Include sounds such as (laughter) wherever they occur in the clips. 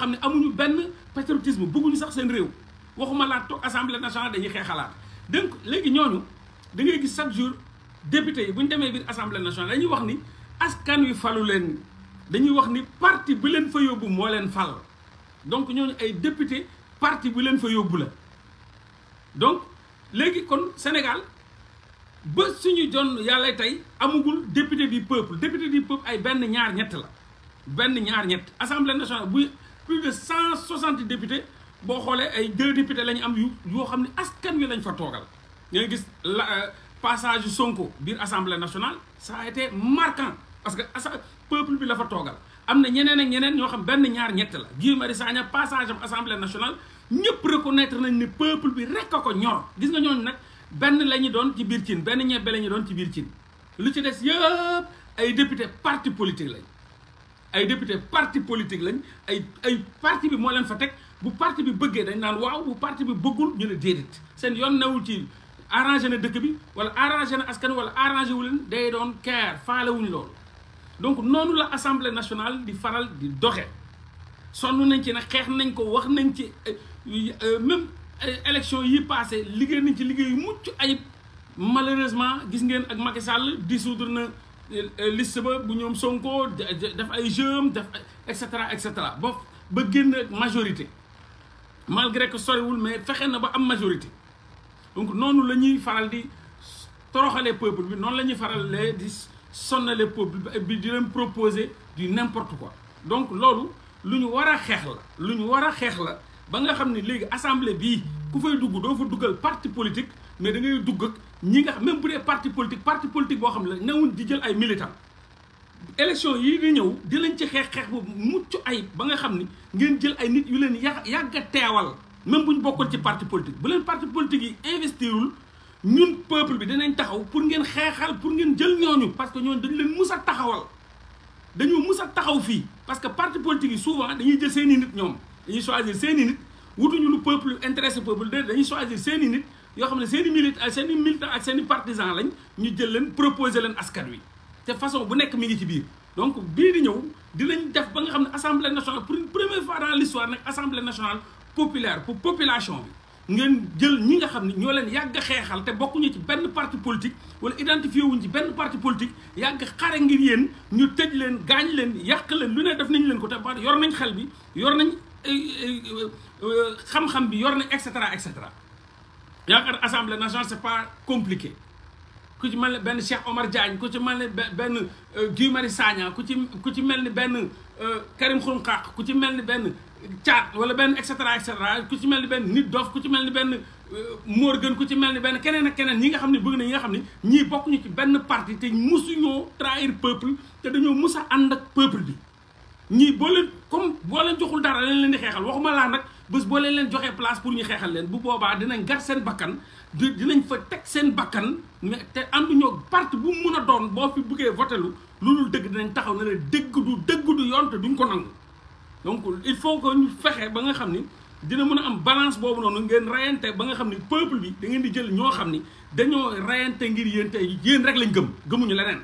xam ne amuñu benn patriotisme bëgguñu sax seen réew waxuma laa toog assemblée nationale dañuy xeexalaat donc léegi ñooñu da ngay gis chaque jour député yi bu ñu demee biir assemblée nationale dañuy wax ni askan wi falu leen dañuy wax ni parti bi leen fa yóbbu moo leen fal donc ñooñu ay député parti bi leen fa yóbbu la donc léegi kon Sénégal ba suñu jon yàlla tey amagul député du peuple député du peuple ay benn ñaar ñett la benn ñaar ñett assemblée nationale buy plus de cent soixante députés boo xoolee ay deux députés la am yu yoo xam ne askan wi lañ fa toogal nga gis la euh, passage Sonko biir assemblée nationale ça a été marquant parce que asa peuple bi la fa toogal am na ñeneen ak ñeneen ñoo xam benn ñaar ñett la Guy Marius Sagna passage am assemblée nationale ñëpp reconnaître nañ ne peuple bi rek a ko ñor gis nga ñooñu nag benn la ñu doon ci biir cin benn ñebbe la ñu doon ci biir cin lu ci des yëpp ay député parti politique lañ ay député parti politique lañ ay ay parti bi mo leen fa tek bu parti bi bëggé dañ naan waaw bu parti bi bëggul ñu ne dédit sen yon newul ci arrangé na dëkk bi wala arrangé na askan wala arrangé wu leen day doon care wuñ lool donc nonu la assemblée nationale di faral di doxé sonu nañ ci na xeex nañ ko wax nañ ci euh, euh, euh, même élection yi passé liggéey nañ ci liggéey yu mucc ayib malheureusement gis ngeen ak Macky Sall dissoudre na liste ba bu ñoom Sonko def ay jëm def et cetera et cetera ba ba génn majorité malgré que soriwul mais fexe na ba am majorité donc noonu la ñuy faral di toroxalee peuple bi noonu la ñuy faralee di sonnalee peuple bi di leen proposer du n'importe quoi donc loolu lu ñu war a xeex la lu ñu war a xeex la ba nga xam ne léegi assemblée bii ku fay dugg doo fa duggal parti politique mais da ngay dugg ak ñi nga même bu dee parti politique parti politique boo xam ne newuñ di jël ay militant élection yi di ñëw di lañ ci xeex xeex bu mucc ay ba nga xam ni ngeen jël ay nit yu leen yà yàgg teewal même bu ñu bokkoon ci parti politique bu leen parti politique yi investirul ñun peuple bi dinañ taxaw pour ngeen xeexal pour ngeen jël ñooñu parce que ñooñu dañu leen mus taxawal dañoo mus a taxaw fii parce que parti politique yi souvent dañuy jël seen i nit ñoom dañuy choisir seen i nit lu peuple intéressé peuple déedéet dañuy choisir seen i nit yoo des militants façon bu mi donc assemblée nationale pour une première fois dans l'histoire une assemblée nationale populaire pour population bi ngeen jël ñi nga politiques, parti politique wala identifier parti politique yaakaar assemblée nationale c'est pas compliqué ku ci mel ni benn Cheikh Omar Diagne ku ci mel ni benn euh, Guy Marius Sagna ku ci ku ci mel ni benn euh, Karim Xrum Xax ku ci mel ni benn Thiat wala benn et cetera et ku ci mel ni benn nit dof ku ci mel ni benn euh, Morgan ku ci mel ni benn keneen ak keneen ñi nga xam ne bëgg na ñi nga xam ne ñii bokk ñu ci benn parti te musuñoo trahir peuple te dañoo mus a ànd ak peuple di ñii boo leen comme boo leen joxul dara lañ leen di xeexal waxuma laa nag bés boo leen leen joxee place pour ñu xeexal leen bu boobaa dinañ gar seen bakkan di dinañ fa teg seen bakkan mais te ànd ñoo parti bu mun a doon boo fi buggee votelu loolu dëgg dinañ taxaw ne la dégg du dégg du yoon te duñ ko nangu donc il faut que ñu fexe ba nga xam ni dina mën a am balance boobu noonu ngeen rayante ba nga xam ni peuple bi da ngeen di jël ñoo xam ni dañoo rayante ngir yéen tey yéen rek lañ gëm gëmuñu leneen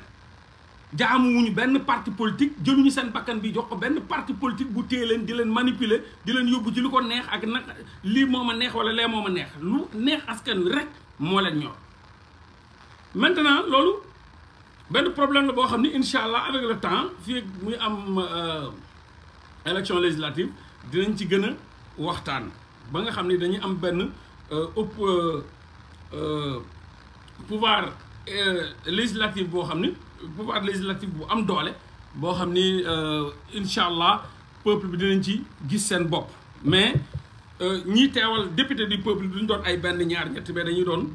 jaamuwuñu benn parti politique jëluñu seen bakkan bi jox ko benn parti politique bu téye leen di leen manipuler di leen yóbbu ci lu ko neex ak nag lii moom a neex wala lee moom a neex lu neex askan wi rek moo leen ñor maintenant loolu benn problème la boo xam ni incha allah avec le temps fii muy am euh, élection législative dinañ ci gën a waxtaan ba nga xam ni dañuy am benn ëpp euh, euh, pouvoir législatif boo xam ni pouvoir législatif bu am doole boo xam ni euh, incha allah peuple bi dinañ ci gis seen bopp mais euh, ñi teewal député du peuple duñ doon ay benn ñaar ñett mais dañuy doon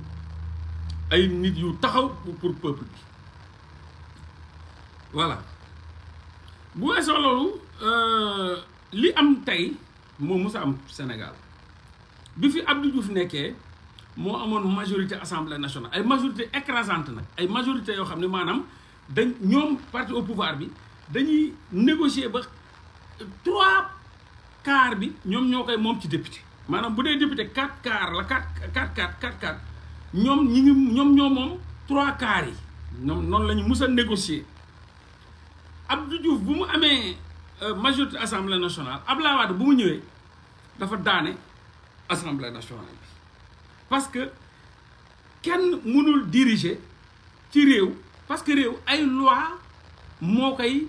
ay nit yu taxaw pour peuple bi voilà bu weesoo loolu euh, li am tey moo mës a am Sénégal bi fi Abdou Diouf nekkee moo amoon majorité assemblée nationale ay majorité écrasante nag ay majorité yoo xam ne maanaam Nous sont parti au pouvoir bi dañuy négocier trois quarts bi ñom ñokay mom ci député manam député quatre quarts la quatre quatre quatre quatre Ils ñi trois quarts yi ñom négocié nous ñu négocier Abdou Diouf euh, assemblée nationale Abdoulaye bu nationale parce que kenn mënul diriger ci réew parce que réew ay loi moo koy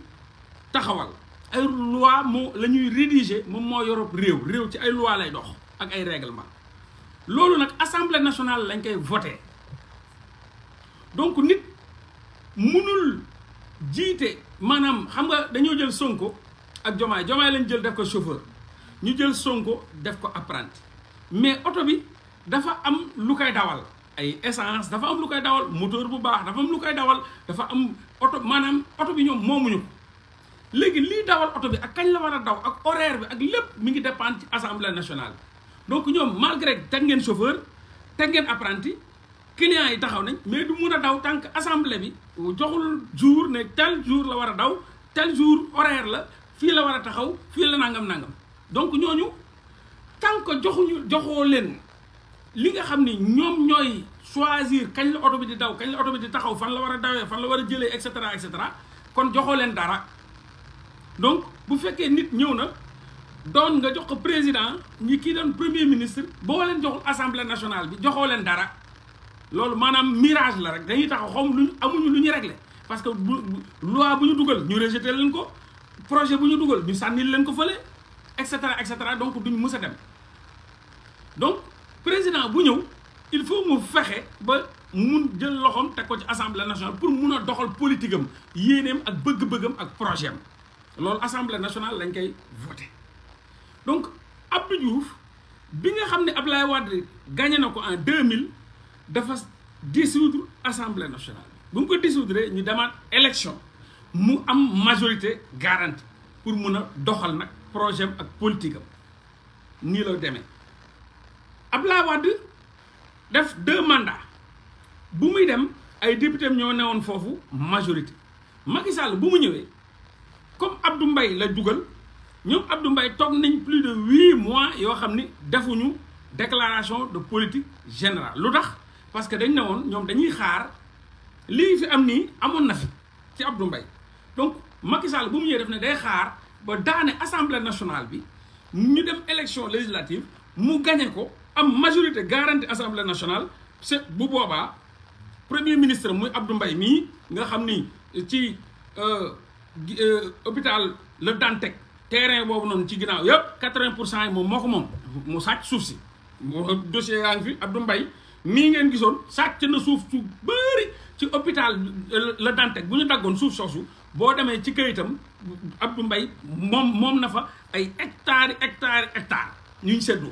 taxawal ay loi moo la ñuy rédiger moom moo yorob réew réew ci ay loi lay dox ak ay règlement loolu nag assemblée nationale lañ koy voté donc nit munul jiite maanaam xam nga dañoo jël Sonko ak Jomaay Jomaay lañ jël def ko chauffeur ñu jël Sonko def ko apprent mais oto bi dafa am lu koy dawal ay essence dafa am lu koy dawal moteur bu baax dafa am lu koy dawal dafa am oto maanaam oto bi ñoom moomuñu léegi lii dawal oto bi ak kañ la war a daw ak horaire bi ak lépp mi ngi dépendre ci assemblée nationale donc ñoom malgré teg ngeen chauffeur teg ngeen apprenti clients yi taxaw nañ mais du mun a daw tant que assemblée joxul jour ne tel jour la war a daw tel jour horaire la fii la war a taxaw fii nangam nangam donc ñooñu tant que joxuñu joxoo leen li nga xam ni ñoom ñooy choisir kañ la oto bi di daw kañ la oto bi di taxaw fan la war a dawee fan la war a jëlee et cetera et kon joxoo leen dara donc bu fekkee nit ñëw na doon nga jox ko président ñi kii doon premier ministre boo leen joxul assemblée nationale bi joxoo leen dara loolu maanaam mirage la rek dañuy taxaw xaw lu ñu amuñu lu ñu réglé parce que bu loi bu ñu dugal ñu rejeté leen ko projet bu ñu dugal ñu sànnil leen ko fële et cetera et cetera donc duñ ñu musa dem donc. président bu il faut mu fexé ba mu jël loxom teg ko ci assemblée nationale pour mëna doxal politique am ak bëgg-bëggam ak projet lool assemblée nationale lañ koy voter donc Abdou Diouf bi nga xamné Ablaye Wade gagné nako en 2000 dafa dissoudre assemblée nationale bu ko dissoudre ñu demande élection mu am majorité garantie pour mëna doxal nak projet ak politique Ni nii la Abdoulaye Wade def deux mandats bu muy dem ay député ñoo newoon fofu majorité Macky Sall bu mu comme Abdou Mbaye la dugal ñom Abdou Mbaye toog nañ plus de huit mois yo xamni defuñu déclaration de politique générale Lutax parce que dañ ne ñom dañuy xaar li fi am nii na fi ci Abdou Mbaye donc Macky Sall bu mu ñëwee def ne day xaar ba daane assemblée nationale bi ñu dem élection législative mu gagné ko am majorité garantie assemblée nationale c'est bu boobaa premier ministre muy Abdou mbay mii nga xam ni ci euh, euh, hôpital Le Dantec terrain boobu noonu ci ginnaaw yëpp quatre-vingt pour cent yi moom moo ko moom mu sàcc suuf si dossier yaa ngi fi Abdou Mbaye mii ngeen gisoon sàcc na suuf su bëri ci hôpital Le Dantec bu ñu daggoon suuf soosu boo demee ci këyitam Abdou mbay moom moom na fa ay hectares hectares hectares ñu ngi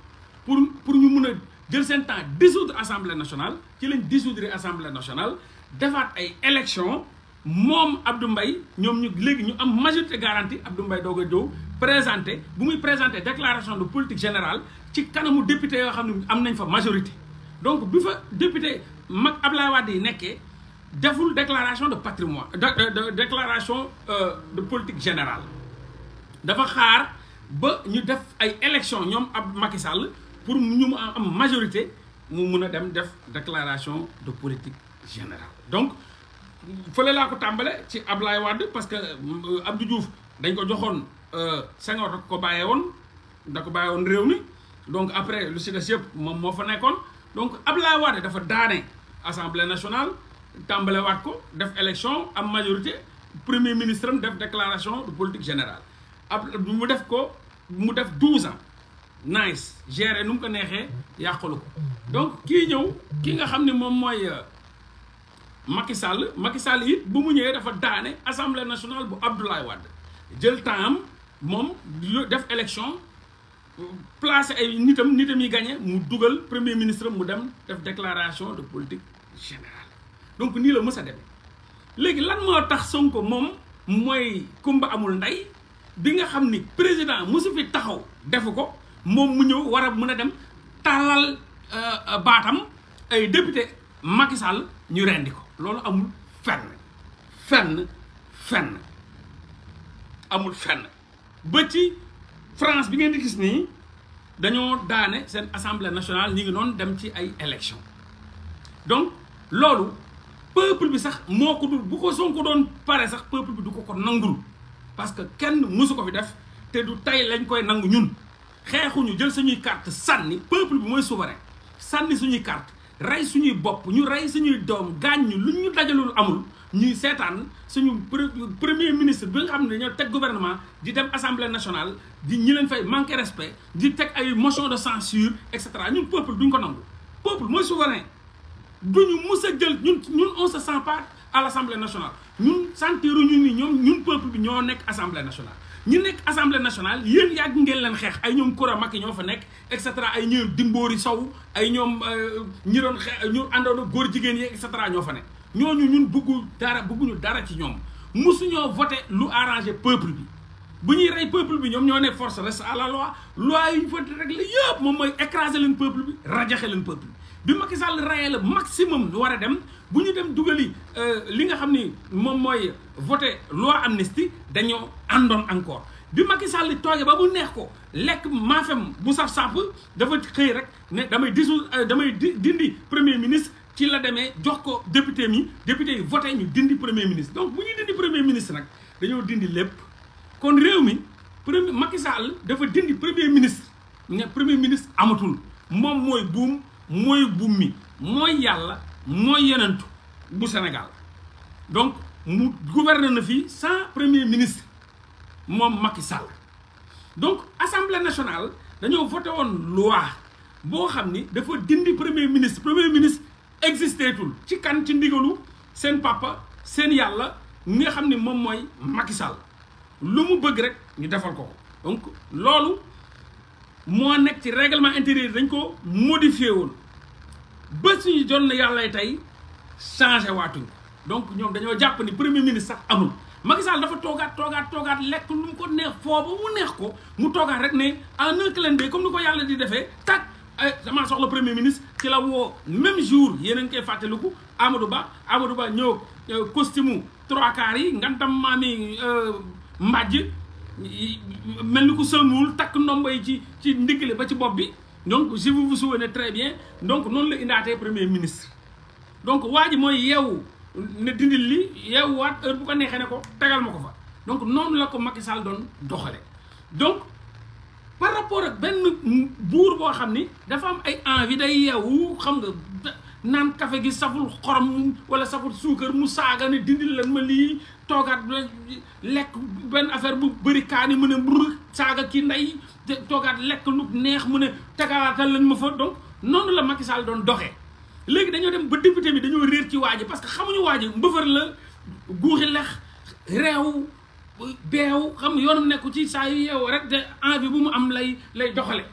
pour pour ñu mun a jël seen temps dissoudre assemblée nationale ci lañ dissoudre assemblée nationale defaat ay élection moom Abdou nous ñoom ñu ñu am majorité garantie Abdou Mbaye doog présenté bu muy présenté déclaration de politique générale ci kanamu député yoo xam une majorité donc bi fa député mag Ablaye Wade yi déclaration de patrimoine de déclaration euh, de politique générale dafa xaar ba ñu def ay élection ñoom ab une élection, pour une majorité mu faut faire dem déclaration de politique générale donc il faut que tàmbale ci Ablaye Wade parce que euh, Abdou Diouf dañ ko dit euh, da ko bàyyee woon da ko bàyyee donc après le si des yëpp moom moo donc Ablaye Wade dafa à assemblée nationale Tambalé a ko une élection am majorité premier ministre a fait une déclaration de politique générale Il mu def 12 ans nice géré num ko nexé yakuluko donc ki ñew ki nga xamni mom moy euh, Macky Sall Macky Sall yi bu mu ñewé dafa daané Assemblée nationale bu Abdoulaye Wade jël tam mom def élection placer ay nitam nitam yi gagné mu duggal premier ministre mu dem def déclaration de politique générale donc ni la mësa dem légui lan mo tax sonko mom moy kumba amul nday bi nga xamni président musu fi taxaw defuko ko moom mu ñëw war a mën a dem tàllal euh, baatam ay député Macky Sall ñu rendi ko loolu amul fenn fenn fenn amul fenn ba ci France bi ngeen di gis nii dañoo daane seen assemblée nationale ñu ngi noonu dem ci ay élection donc loolu peuple bi sax moo ko dul bu ko Sonko doon pare sax peuple bi du ko ko nangul parce que kenn mësu ko fi def te du tey lañ koy nangu ñun nous avons une carte sanni peuple est souverain sanni suñuy carte une suñuy ñu dajalul amul ñuy suñu premier ministre bi nga gouvernement di dem assemblée nationale di ñi leen fay respect di tek ay motion de censure etc. Nous ñun peuple duñ ko nangu. peuple est souverain duñu mussa pas à l'Assemblée nationale ñun nous ni ñun peuple bi ñoo assemblée nationale. ñu nekk assemblée nationale yéen yàgg ngeen leen xeex ay ñoom Koura Macky ñoo fa nekk et cetera ay ñoom yi Sow ay ñoom euh, ñi doon xeex ñu àndoon góor jigéen yi et ñoo fa nekk ñooñu ñun bëggu dara bëgguñu dara ci ñoom musuñoo voté lu arrangé peuple bi bu ñuy rey peuple bi ñoom ñoo ne force reste à la loi loi yu ñu voté rek la yëpp moom mooy écraser leen peuple bi rajaxe leen peuple bi bi Macky Sall rayé la maximum war a dem bu ñu dem dugali euh, li nga xam ni moom mooy voté loi amnistie dañoo àndoon encore bi Macky Sall toogee ba mu neex ko lekk maafem bu saf sàpp dafa xëy rek ne damay disu euh, damay dindi premier ministre ci la demee jox ko député mi député yi voté ñu dindi premier ministre donc bu ñu dindi premier ministre nag dañoo dindi lépp kon réew mi premier Macky Sall dafa dindi premier ministre ne premier ministre amatul moom mooy buum moy bumi, moy Yalla, moy yenentu bu Sénégal donc mu gouverner na fi sans premier ministre mom Macky Sall donc assemblée nationale dañoo voté woon loi bo xamni ni dafa dindi premier ministre premier ministre existe ci kan ci Sen papa Sen Yalla, nga xam ni moom mooy Macky Sall Lumu bëgg rek ñu ko donc lolu mo nek ci règlement intérieur dañ ko modifié ba suñu jot na yàlla tey changé waatuñ donc ñoom dañoo jàpp ni premier ministre sax amul Macky Sall dafa toogaat toogaat toogaat lekk lu mu ko neex foo ba mu neex ko mu toogaat rek ne a un clin d'œil comme ni ko yàlla di defee tak eh, ay soxla premier ministre ci la woo même jour yéen a ngi koy ko Amadou Ba Amadou Ba ñëw eh, costume trois quarts yi ngantam maami eh, mbàjj mel ni ku sëlmuwul takk ndombo yi ci ci ndigale ba ci bopp bi donc si vous vous souvenez très bien donc sommes premier ministre donc Wadi Moy Yew, ne dindil li donc nous sommes ko donc par rapport à Ben que nous avons dafa am ay envie naan kafe gi saful xorom wala saful suukar mu saaga ne dindi lan ma lii toogaat lekk benn affaire bu bëri kaani mu ne mbur saaga ki ndey te toogaat lekk lu neex mu ne tegaatal lañ ma fa donc noonu la Macky Sall doon doxee léegi dañoo dem ba député bi dañoo réer ci waa parce que xamuñu waa ji mbëfër la guuxi lex réew beew xam yoonam nekku ci saa yu yeewoo rek de envie bu mu am lay lay doxale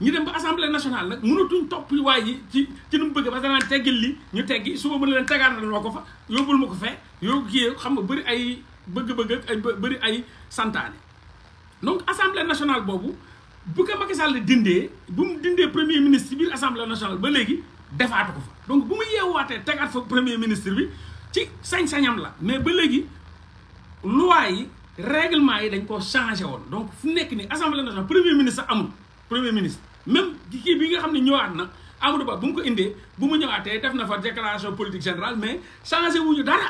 ñu dem ba assemblée nationale nag mënatuñ topp waay yi ci ci nu mu bëgg parce que danaan teggil li ñu teggi suba mën leen tegaat loo ko fa yóbbul ma ko fee yow kii xam nga bëri ay bëgg-bëgg ak ay bëri ay santaane donc assemblée nationale boobu bu ko Macky Sall dindee bu mu dindee premier ministre biir assemblée nationale ba léegi defaatu ko fa donc bu mu yeewaatee tegaat fa premier ministre bi ci sañ-sañam la mais ba léegi loi yi règlement yi dañ ko changé woon donc fu nekk nii assemblée nationale premier ministre amul premier ministre même kii bi nga xam ne ñëwaat na Amadou Ba bu mu ko indee bu mu ñëwaatee def na fa déclaration politique générale mais changé wuñu dara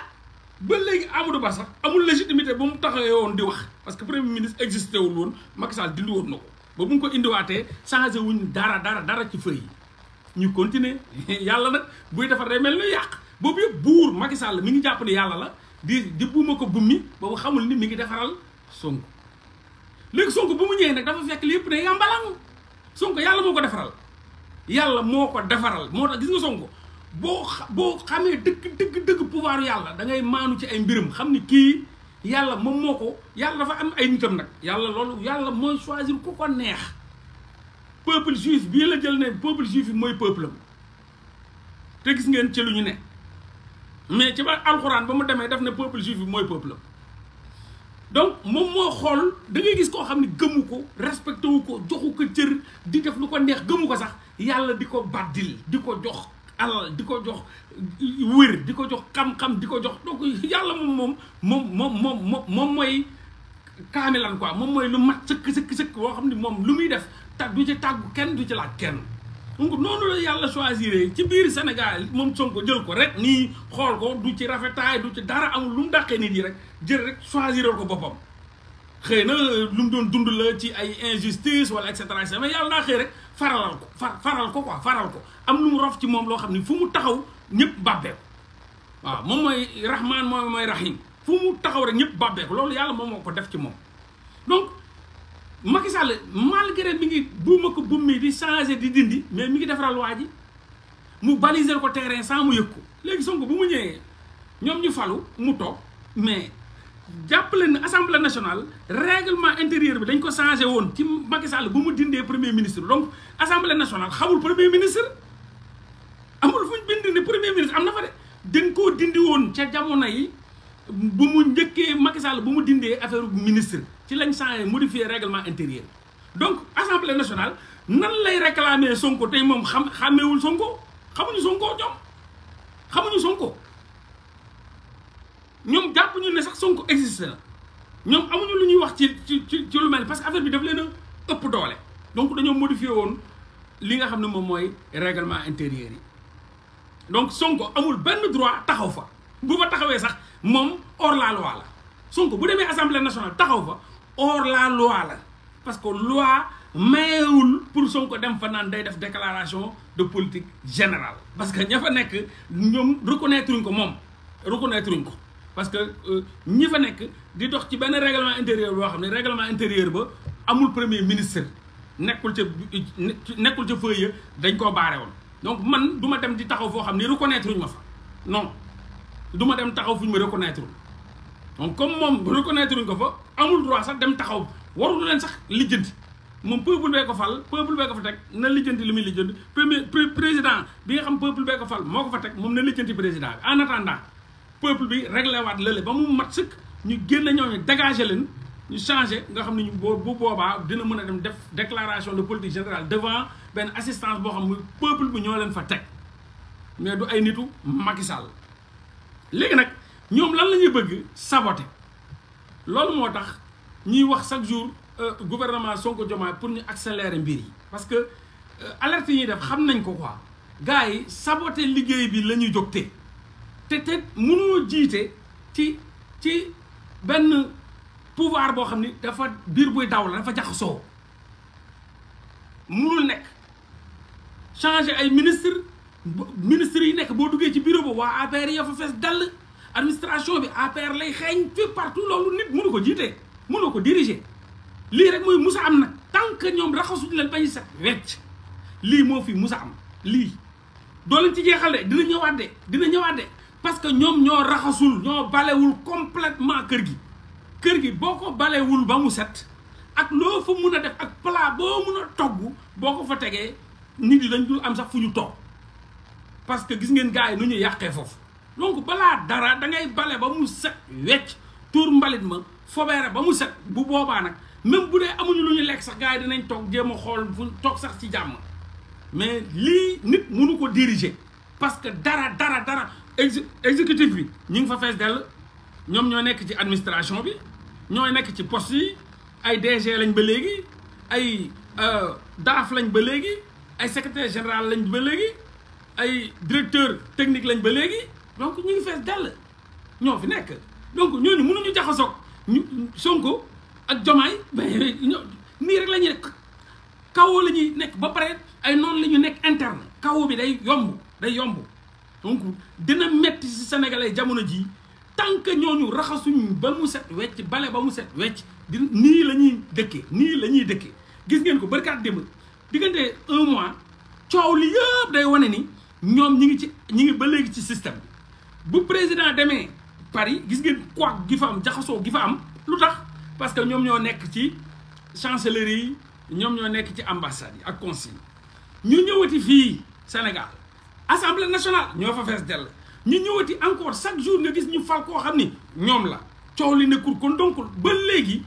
ba léegi Amadou Ba sax amul légitimité bu mu taxawee woon di wax parce que premier ministre existé wul woon Macky Sall dindi woon na ko ba bu mu ko indiwaatee changé wuñ dara dara dara ci feuille yi ñu continuer (laughs) yàlla nag buy defar day mel ni yàq boobu yëpp buur Macky Sall mi ngi jàpp ne yàlla la di di buuma ko bummi boobu xamul ni mi ngi defaral Sonko léegi Sonko bu mu ñëwee nag dafa fekk lépp ne yàmbalang Sonko yàlla moo ko defaral yàlla moo ko defaral moo tax gis nga Sonko boo boo xamee dëkk dëgg dëgg pouvoir yàlla da ngay maanu ci ay mbiram xam ni kii yàlla moom moo ko yàlla dafa am ay nitam nag yàlla loolu yàlla mooy choisir ku ko neex peuple juif bii la jël ne peuple juif bi mooy peuple am te gis ngeen ci lu ñu ne mais ci ba alxuraan ba mu demee def ne peuple juif bi mooy peuple am donc mom mo xol da ngay gis ko xamni gëmu ko respecté wu ko joxu ko cër di def lu ko neex gëmu ko sax yalla diko badil diko jox alal diko jox wër diko jox xam xam diko jox donc yalla mom mom mom mom mom moy kamilan quoi mom moy lu mat seuk seuk seuk bo xamni mom lu muy def tag du ci tag kenn du ci la kenn noonu la yàlla choisir ci biir Sénégal moom Sonko jël ko rek nii xool ko du ci rafetaay du ci dara amul lu mu daqee nit yi rek jël rek choisiral ko boppam xëy na lu mu doon dund la ci ay injustice wala et cetera mais yàlla naa xëy rek faralal ko faral ko quoi faral ko am lu mu rof ci moom loo xam ni fu mu taxaw ñëpp bàbbee ko waaw moom mooy rahman moom mooy rahim fu mu taxaw rek ñëpp bàbbee loolu yàlla moom moo ko def ci moom Macky Sall malgré mi ngi buuma ko buum mi di changé di dindi mais mi ngi defaral waa ji mu baliser ko terrain sans mu yëg ko léegi Sonko bu mu ñëwee ñoom ñu falu mu toog mais jàppale ne assemblée nationale règlement intérieur bi dañ ko changé woon ci Macky Sall bu mu dindee premier ministre donc assemblée nationale xamul premier ministre amul fu ñu bind ne premier ministre am na fa de dañ koo dindi woon ca jamono yi. bu mu njëkkee Macky Sall bu mu dindee affaire ministre ci lañ changé modifier règlement intérieur donc assemblée nationale nan lay réclamer Sonko tey moom xam xàmmeewul Sonko xamuñu Sonko ñoom xamuñu Sonko ñoom jàpp ñu ne sax Sonko existe na ñoom amuñu lu ñuy wax ci ci ci lu mel parce que affaire bi daf leen a ëpp doole donc dañoo modifié woon li nga xam ne moom mooy réglement intérieur yi donc Sonko amul benn droit taxaw fa bu fa taxawee sax. mom hors la loi la Sonko bu demee assemblée nationale taxaw fa hors la loi la parce que loi mayewul pour Sonko dem fa naan day def déclaration de politique générale. parce que ña fa nekk ñoom reconnaître uñ ko mom reconnaître uñ ko parce que euh, ñi fa nek di dox ci ben règlement intérieur bo xam règlement intérieur ba amul premier ministre nekul ci nekul ci feuille dañ ko barré won donc man duma dem di taxaw fo xam ne reconnaître uñ ma fa non. du ma dem taxaw fu ñu ma reconnaître donc comme moom reconnaître ñu ko fa amul droit sax dem taxaw waruñu leen sax lijjanti moom peuple bee ko fal peuple bee ko fa teg na lijjanti li muy lijjanti premier président bi nga xam peuple ko fal moo ko fa teg moom na lijjanti président bi en attendant peuple bi réglé waat lële ba mu mat sëkk ñu génn ñooñu dégagé leen ñu changé nga xam ne ñu bu boobaa dina mën a dem def déclaration de politique générale devant benn assistance boo xam muy peuple bu ñoo leen fa teg mais du ay nitu Macky Sall léegi nag ñoom lan la ñuy bëgg saboter loolu moo tax ñuy wax chaque jour euh, gouvernement Sonko Diomaye pour ñu accélérer mbir yi parce que euh, alerte yi ñuy def xam nañ ko quoi gars yi saboter liggéey bi la ñuy jóg te te te mënoo jiite ci ci benn pouvoir boo xam ni dafa biir buy daw la dafa jax jaxasoo mënul nekk changé ay ministre ministre yi nek bo duggé ci bureau ba wa APR ya fa fess dal administration bi APR lay xagn fi partout lolou nit mënu ko jité mënu ko diriger li rek moy Moussa am nak tant que ñom raxasu di len bañu sax wécc li mo fi Moussa am li do len ci jéxal dé dina ñëwaat dé dina ñëwaat dé parce que ñom ño raxasul ño baléwul complètement kër gi kër gi boko baléwul ba mu set ak lo fu mëna def ak plat bo mëna togg boko fa tégué nit yi dañ dul am sax fuñu togg parce que gis ngeen gaa yi nu ñu yàqee foofu donc balaa dara dangay ngay bale ba mu set wecc tuur mbalit ma fobeere ba mu set bu boobaa nag même bu dee amuñu lu ñu lekk sax gars yi dinañ toog jéem a xool fu toog sax ci jàmm mais lii nit mënu ko diriger parce que dara dara dara exe exécutif bi ñu ngi fa fees dell ñoom ñoo nekk ci administration bi ñooy nekk ci post yi ay DG lañ ba léegi ay euh, DAF lañ ba léegi ay secretaire général lañ ba léegi. ay directeur technique lañ ba léegi donc ñu ngi fees dàll ñoo fi nekk donc ñooñu mun jaxasoog ñu Sonko ak Jomaay mais nii rek la ñuy nekk kawoo la ñuy nekk ba pare ay noonu la ñu nekk interne kawoo bi day yomb day yomb donc dina metti ci sénégalais jamono ji tant que ñooñu raxasuñ ba mu set wecc bale ba mu set wecc di nii la ñuy dëkkee nii la ñuy dëkkee gis ngeen ko barkaat démb diggante un mois coow li yëpp day wane ni Nous, ñi ngi ci système bu président démé Paris gis ngeen quoi gi fa am gi fa am parce que nous sommes nekk ci chancellerie ñom ci ambassade ak consul ñu ñëwati fi Sénégal assemblée nationale ñoo fa fess del ñëwati encore chaque jour nga gis ñu fal ko xamni la kon donc ba euh,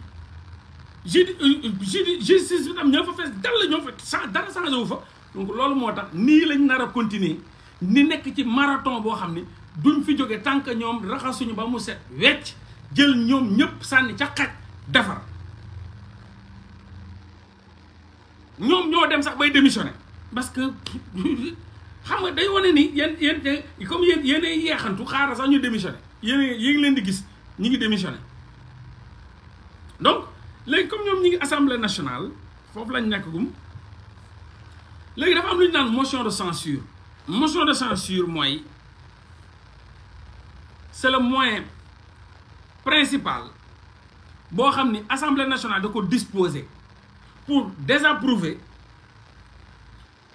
euh, fa fa dara wu fa donc loolu moo tax nii lañ nar a continuer ni nekk ci marathon boo xam ne duñ fi jóge tànk ñoom raxasuñu ba mu set wecc jël ñoom ñëpp sànni ca xaj defar ñoom ñoo dem sax bay démissionné parce que xam nga day wane ni yéen yéen comme yéen yéenay yeexantu xaaral sax ñu démissionné yéen yéen leen di gis ñu ngi démissionné donc léegi comme ñoom ñu ngi assemblée national foofu lañ nekk gum Là, dafa am lu motion de censure motion de censure moi c'est le moyen principal pour que assemblée nationale de disposer pour désapprouver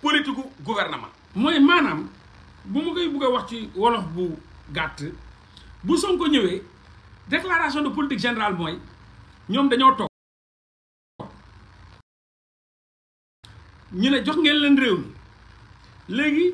politique gouvernement. moi et bu ma koy bëgg que wax ci wolof bu gàtt bu Sonko déclaration de politique générale nous ñoom dañoo ñu ne jox ngeen leen réew mi léegi